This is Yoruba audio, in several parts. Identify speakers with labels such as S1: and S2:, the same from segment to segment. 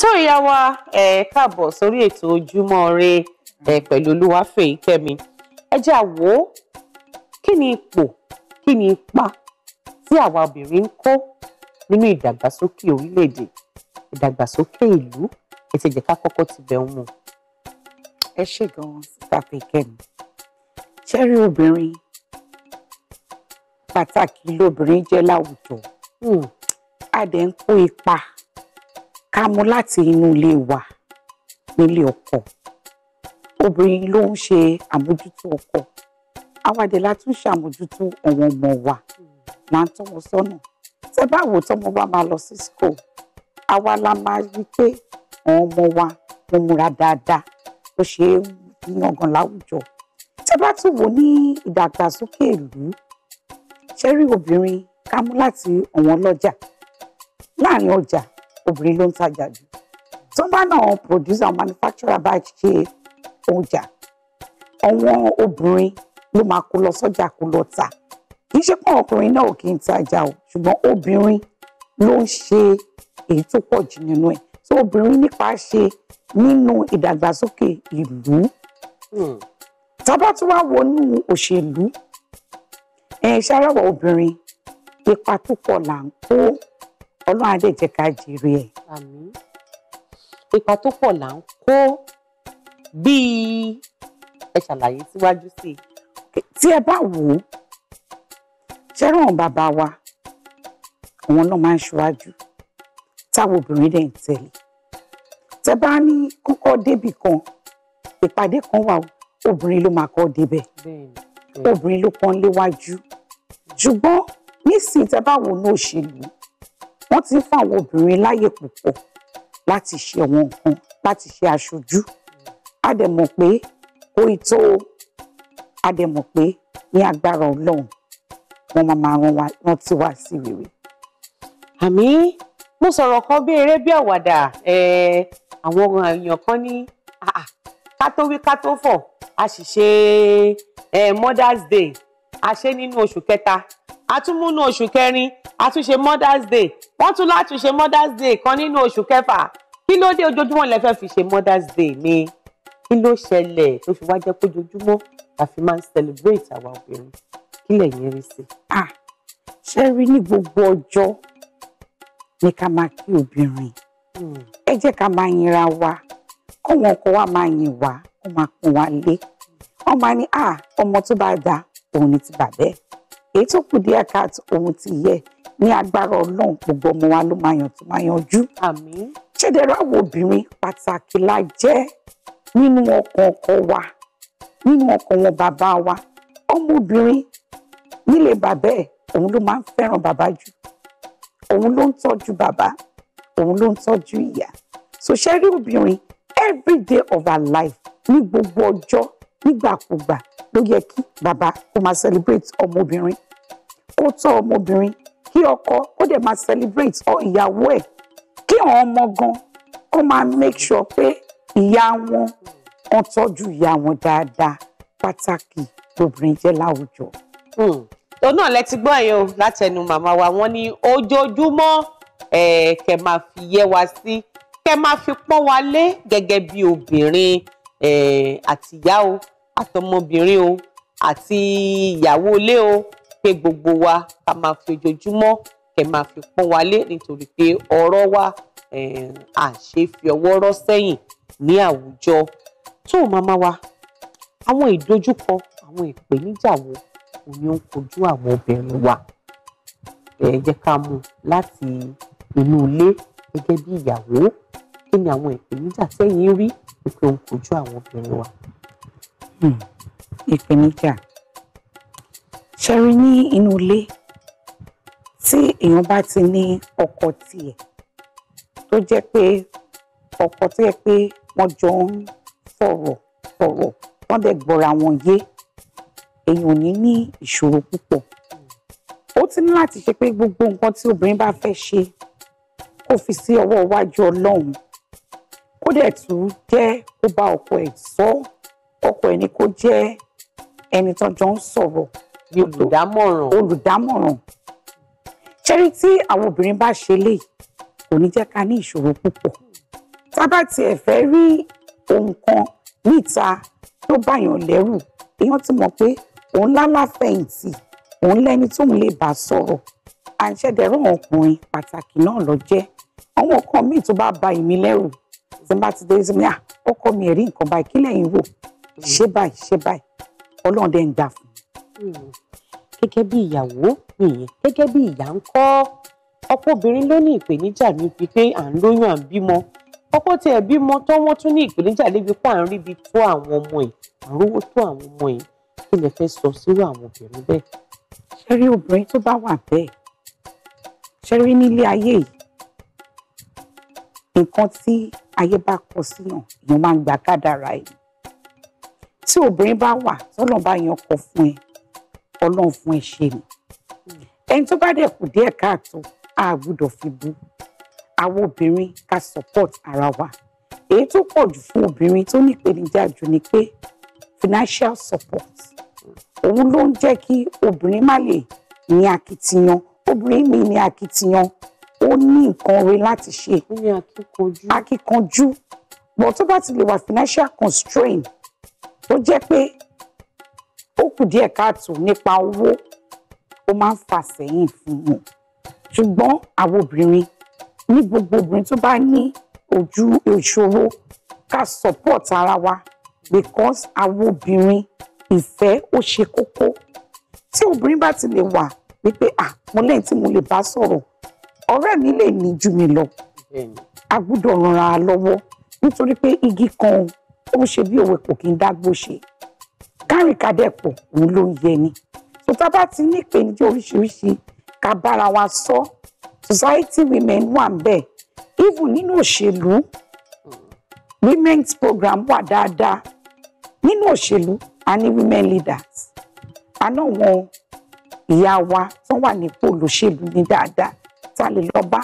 S1: torí ya wa ẹ káàbọ̀ sórí ètò ojúmọ́ ire ẹ pẹ̀lú Olúwafẹ́yìkẹ́mi ẹ jẹ́ àwò kí ni ipò kí ni ipa tí àwa obìnrin ń kó nínú ìdàgbàsókè orílẹ̀-èdè ìdàgbàsókè
S2: ìlú ètò ìjẹ́ká kọ́kọ́ ti bẹ̀ wọ́n. ẹ ṣe gan-an síta Fẹ́yìkẹ́mi ṣẹ́rí obìnrin pàtàkì lobìnrin jẹ́ láwùjọ hmm, a dẹ̀ ń kó ipa. Hmm ká mú láti inú ilé wa nílé ọkọ obìnrin ló ń ṣe àmójútó ọkọ àwàdẹ la tún ṣàmójútó àwọn ọmọ wa là ń tọ́ wọn sọ́nà tẹ bá wò tọ́mọ bá máa lọ sí school àwa la máa rí pé àwọn ọmọ wa wọn múra dáadáa ó ṣe é yangàn láwùjọ tẹ bá tún wò ní ìdàgbàsókè ìlú ṣẹ́rí obìnrin ká mú láti ọ̀wọ́n lọ́jà láàrin ọjà obìnrin ló ń tajà jù tó bá náà producer manufacturer bá ṣe ọjà àwọn obìnrin ló máa kó lọ sọ́jà kó lọ tà kì í ṣe pé ọkùnrin náà kì í tajà o ṣùgbọ́n obìnrin ló ń ṣe èyí tó pọ̀ jù nínú ẹ̀ tó obìnrin nípa ṣe nínú ìdàgbàsókè ìlú hmm. tábà tó wá wọnú òṣèlú ẹ̀ ṣe aráwọ̀ obìnrin ipa tó pọ̀ là ń kó ọlọ́run á dẹ̀ jẹ́ ká jèrè ẹ̀. àmín ipa tó pọ̀ là ń kó bíi ẹ ṣàlàyé síwájú sí i. tí ẹ bá wò ó ṣẹ́ràn bàbá wa àwọn náà máa ń ṣíwájú táwọn obìnrin dẹ̀ ń tẹ̀lé tẹ bá ní kọ́kọ́ débì kan ìpàdé kan wà obìnrin ló máa kọ́ débẹ̀ obìnrin ló kàn léwájú ṣùgbọ́n nísìnyí tẹ bá wò ó ní òṣèlú wọ́n ti ń fún àwọn obìnrin láyè púpọ̀ láti ṣe àwọn nǹkan láti ṣe aṣojú a dẹ̀ mọ̀ pé kó ìtó a dẹ̀ mọ̀ pé ní agbára ọlọ́run wọ́n máa máa rán wa wọ́n ti wá sí rere. àmì mo sọ̀rọ̀ kan bí eré bí àwàdà
S1: àwọn èèyàn kan ní ká tó wí ká tó fọ̀ a sì ṣe mother's day a ṣe nínú oṣù kẹta àtúmúnú oṣù kẹrin àtúnṣe mother's day wọ́n tún látúnṣe mother's day kan nínú oṣù kẹfà kí ló dé ojoojúmọ́ lẹ fẹ́ fi ṣe mother's day mi kí ló ṣẹlẹ̀ tó fi wá jẹ́ pé ojoojúmọ́
S2: la máa ń celebrate àwa obìnrin kí lẹ̀yin rí sí. ṣe rí ní gbogbo ọjọ́ ni ká máa kí obìnrin hmm. ẹ jẹ́ ká máa yinra wa kọ́wọn ọkọ wa máa yin wá kó máa pọ́n wa lé wọ́n máa ní ọmọ tó bá dáa òun ni ti bàbẹ́ èyí tó kù díẹ̀ káàtó ohun ti yẹ ní agbára ọlọ́run gbogbo ọmọ wa ló máa yàn tó máa yanjú. àmín. àwọn obìnrin pàtàkì la jẹ́ nínú ọkàn ọkọ wa nínú ọkàn wọn bàbá wa ọmọbìnrin nílé bàbá ẹ̀ òun ló máa ń fẹ́ràn bàbá jù òun ló ń tọ́jú bàbá òun ló ń tọ́jú ìyá so ṣe rí obìnrin every day of her life ní gbogbo ọjọ́ nígbàkúgbà ló yẹ kí bàbá kó máa celebrate ọmọbìnrin kó tọ́ ọmọbìnrin kí ọkọ ó dẹ̀ máa celebrate ọ ìyàwó ẹ̀ kí àwọn ọmọ gan kó máa make sure pé ìyá wọn kan tọ́jú ìyá wọn dáadáa pàtàkì lóbìnrin jẹ́ láwùjọ. tó hmm. náà lẹ ti gbọ́ ẹ̀yìn o látẹnu
S1: màmá wa wọ́n ní ojoojúmọ́ kẹ́ máa fi yẹ wa sí kẹ́ máa fi pọ́n wa lé gẹ́gẹ́ bí obìnrin. Eh, àtìyá o àtọmọbìnrin o àti ìyàwó ilé o pé gbogbo wa ká máa fi ojoojúmọ́ kẹ máa fi pọ́n wa lé nítorí pé ọ̀rọ̀ wa à eh, ṣe fi ọwọ́ rọ́ sẹ́yìn ní àwùjọ tó màmá wa àwọn ìdojúkọ àwọn ìpèníjà wo òní ń kojú àwọn obìnrin wa ẹ jẹ́ ká mú láti inú ilé gẹ́gẹ́ bí ìyàwó kí ni àwọn ìpèníjà sẹ́yìn rí wípé ó kojú àwọn obìnrin wa. Hmm.
S2: ìpèníjà ṣẹ́rí ní inú ilé tí èèyàn bá ti ní ọkọ tiẹ̀ tó jẹ́ pé ọkọ tó yẹ pé wọ́n jọ ń sọ̀rọ̀ sọ̀rọ̀ wọ́n dẹ̀ gbọ́ra wọn yé èèyàn ò ní ní ìṣòro púpọ̀ ó ti ní láti ṣe pé gbogbo nǹkan tí obìnrin bá fẹ́ ṣe kó fi sí ọwọ́ iwájú Ọlọ́run kó dẹ̀ tún jẹ́ kó bá ọkọ ẹ̀ sọ ọkọ ẹ̀ ni kó jẹ́ ẹni tán jọ ń sọ̀rọ̀ bí olùdámọ̀ràn olùdámọ̀ràn ṣẹ́rí tí àwọn obìnrin bá ṣe lè kò ní jẹ́ ká ní ìṣòro púpọ̀ tá bá tiẹ̀ fẹ́ rí ohun kan níta tó báyàn lẹ́rù èèyàn ti mọ̀ pé òun lálàfẹ̀yìntì òun lẹ́ni tóun lè bá sọ̀rọ̀ à ń ṣẹ̀dẹ̀rọ̀ ọkùnrin pàtàkì náà lọ jẹ́ àwọn kan míì tó bá ba èmi lẹ́rù tí n bá ti délé sí mi à ọkọ mi ẹ̀rí nǹkan báyìí kí lẹ́yìn wò ṣé báyìí ṣé báyìí ọlọ́run dẹ́ ń gbà fún
S1: mi. Hmm.
S2: gẹ́gẹ́ bí ìyàwó nìyẹn hmm, gẹ́gẹ́ bí
S1: ìyá ń kọ́ ọ̀pọ̀ obìnrin ló ní ìpèníjà níbi pé à ń lóyún à ń bímọ ọkọ tiẹ̀ bímọ tó wọ́n tún ní ìpèníjà lébi pé à ń ríbi tó àwọn ọmọ ẹ̀ à ń rówó tó àwọn
S2: ọmọ ẹ̀ kí lè fẹ́ sọ sírò àwọn obìnrin bẹ́ẹ̀. ṣé obìnrin tó bá wà bẹ́ẹ̀ ṣé nílé ayé yìí nǹkan tí ayé bá kọ síyàn èèyàn máa ń gba kádàrá ẹ̀ tí obìnrin bá wà tọ́lọ́n bá yan ọkọ fún ẹ ọlọ́run fún ẹ ṣe ni ẹni tó bá dẹ̀ kù díẹ̀ káàtó a gbúdọ̀ fi bú àwọn obìnrin ká support ara wa èyí tó pọ̀ jù fún obìnrin tó ní ìpèníjà jù ni pé financial support òun ló ń jẹ́ kí obìnrin má lè ní akitiyan obìnrin mi ní akitiyan ó ní nǹkan rẹ láti ṣe. ó ní akíkanjú. akíkanjú but tó bá ti lè wà financial constraint tó jẹ́ pé ó kù díẹ̀ káàtó nípa owó ó máa ń fà sẹ́yìn fún wọn ṣùgbọ́n àwọn obìnrin ní gbogbo obìnrin tó bá ní ojú ìṣòro ká support ara wa because àwọn obìnrin ìfẹ́ ó ṣe kókó tí obìnrin bá ti lè wà wípé ah mo lẹ́yìn tí mo lè bá sọ̀rọ̀ ọ̀rẹ́ mi lè ní jù mí lọ a gbúdọ̀ ràn án lọ́wọ́ nítorí pé igi kan ó ṣe bí òwe kò kí ń dágbó ṣe kárìnkádẹ́pọ̀ òun ló ń yẹ ni tó bá ti ní ìpèníjà oríṣiríṣi ká bára wa sọ society women wà ń bẹ̀ even nínú òṣèlú women's program wà dáadáa nínú òṣèlú a ní women leaders a náà wọn ìyá wa tó wà nípò olóṣèlú ní dáadáa ta lè lọ bá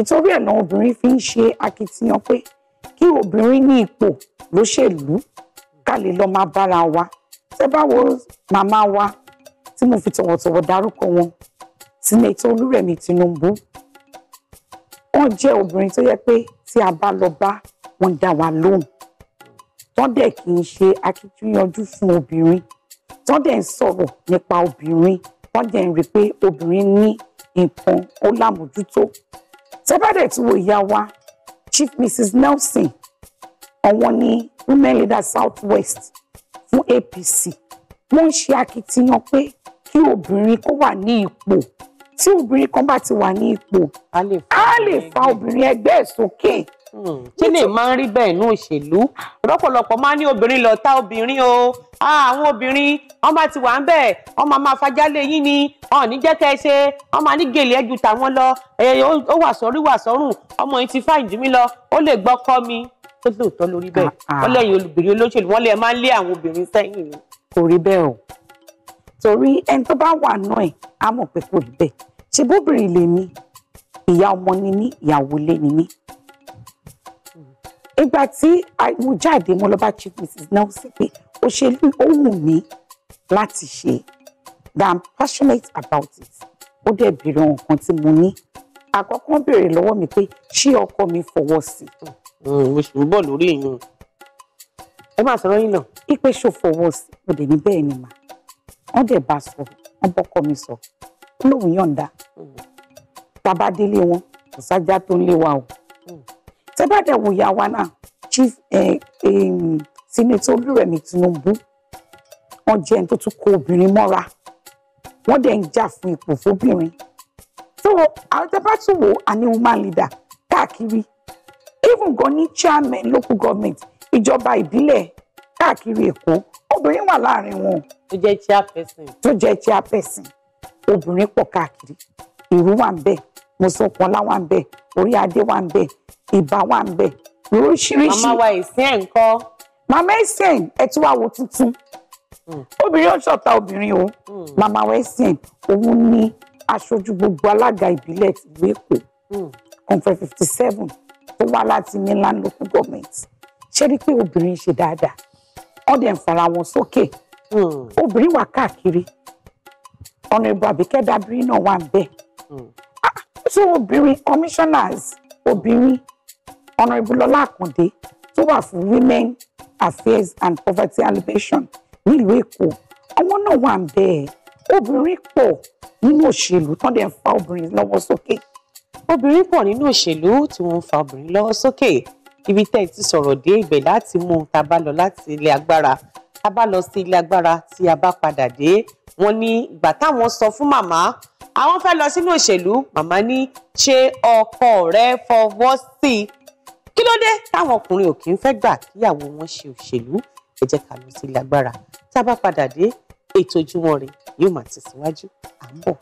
S2: ìtorí ẹ̀ náà obìnrin fi ń ṣe akitiyan pé kí obìnrin ní ipò lóṣèlú ká lè lọ máa bára wa tẹ́ bá wo màmá wa tí mo fi tọ̀wọ̀tọ̀wọ̀ dárúkọ wọn Senator Olúrẹ̀mí Tinubu wọ́n jẹ́ obìnrin tó yẹ pé tí a bá lọ bá wọn dá wa lóhùn tán dẹ̀ kì í ṣe akitiyanjú fún obìnrin tán dẹ̀ ń sọ̀rọ̀ nípa obìnrin wọ́n dẹ̀ ń rí i pé obìnrin ní nǹkan ó lámójútó tẹ́bàdẹ̀ tí wo ìyá wa Chief Mrs Nelson àwọn ni women leader South West fún APC wọ́n ń ṣe akitiyan pé kí obìnrin kó wà ní ipò tí obìnrin kan bá ti wà ní ipò á lè fa obìnrin ẹgbẹ́ ẹ̀ sókè. Hmm.
S1: kí lè máa ń rí bẹ́ẹ̀ ní òṣèlú lọ́pọ̀lọpọ̀ máa ń ní obìnrin lọ́tá obìnrin o àwọn obìnrin wọn bá ti wà ń bẹ̀ wọn máa máa fajálé yín ni wọn ní jẹ́ kẹ́ wọn máa ní gèlè ẹ ju tàwọn lọ ó wà sọ́rí wà sọ́rùn ọmọ yìí ti fáìn jù mí lọ ó lè gbọ́kọ́ mi tó lóòótọ́ lórí bẹ́ẹ̀ ah, ah. wọ́n lẹ́yìn olùbìnrin olóṣèlú wọ́n lè máa ń lé àwọn obìnrin sẹ́yìn
S2: kò rí bẹ́ẹ̀ o. torí ẹni tó bá wà náà ẹ̀ á mọ̀ pé kò rí bẹ́ẹ̀ ṣe bóbìnrin lèmi ìyá ọmọ ni mí ìyàwó ilé ni mí ìgbà tí mo jáde mo lọ bá chief mrs nelson pé òṣèlú ó wù mí láti ṣe that i'm passionate about it ó dẹ̀ béèrè nǹkan tí mo ní àkọ́kọ́ béèrè lọ́wọ́ mi pé ṣé ọkọ mi fọwọ́ sí. Hmm, mo sì ń bọ̀ lórí yín ẹ máa sọ̀rọ̀ yín náà. ipe ṣò fọwọ́ sí mo dẹ̀ ní bẹ́ẹ̀ ni mà wọ́n dẹ̀ bá sọ wọ́n bọ́kọ mi sọ kí lòun yọ̀ǹda bàbá délé wọn kò sájà tó ń lé wa o tẹ bá dẹ̀ wòye náà chief eh, senator olúrẹ̀mí tinubu wọn jẹ́ ẹni tó tún kó obìnrin mọ́ra wọn dẹ̀ ń jà fún ipò fóbìnrin so àwọn tẹ bá tún wò á ní woman leader káàkiri even gan ní chairman local government ìjọba ìbílẹ̀ káàkiri èkó obìnrin wà láàrin wọn. tó jẹ́ chairperson. tó jẹ́ chairperson obìnrin pọ̀ káàkiri ìrú wà ń bẹ̀ mọ̀sọ̀pọ̀nlá wà ń bẹ̀ orí adé wà ń bẹ̀ ìbà wà ń bẹ̀ lóríṣiríṣi. màmá wa ìsín ẹ̀ ń kọ́. màmá ìsín ẹ̀ tún wá wo tuntun hmm. obìnrin ọ̀ṣọ́ta obìnrin o hmm. màmá wa ìsín òun ni aṣojú gbogbo alága ìbílẹ̀ tìlú èkó kọ̀ǹfẹ̀ hmm. fifty seven tó wá láti mainland local government ṣé rí pé obìnrin ṣe dáadáa wọ́n dẹ̀ ń fara wọn sókè obìnrin wà káàkiri. Mm ọ̀nàbù àbíkẹ́ dábìrì náà wà bẹ́ẹ̀ hmm. ah, So obìnrin commissioners obìnrin ọ̀nàbù lọ́lá àkàndé tó wà fún women affairs and poverty alleviation nílùú èkó àwọn náà wà bẹ́ẹ̀ obìnrin pọ̀ nínú òṣèlú tán dẹ̀ ń fa obìnrin lọ́wọ́ sókè. obìnrin pọ̀ nínú òṣèlú tí wọ́n ń fa obìnrin lọ́wọ́ sókè
S1: ibi tẹ́ ẹ ti sọ̀rọ̀ dé ibẹ̀ láti mú un tá a bá lọ láti ilé agbára a bá lọ sí ilé agbára tí a bá padà dé wọ́n ní ìgbà táwọn sọ fún màmá àwọn fẹ́ lọ sínú òṣèlú màmá ní ṣe ọkọ rẹ fọwọ́ sí i kí ló dé táwọn ọkùnrin ò kì í fẹ́ gbà kíyàwó wọn ṣe òṣèlú ẹ jẹ́ ká lọ sí ilé agbára tá a bá padà dé ètò ojúmọ́ rẹ yóò máa tẹ̀síwájú à ń bọ̀.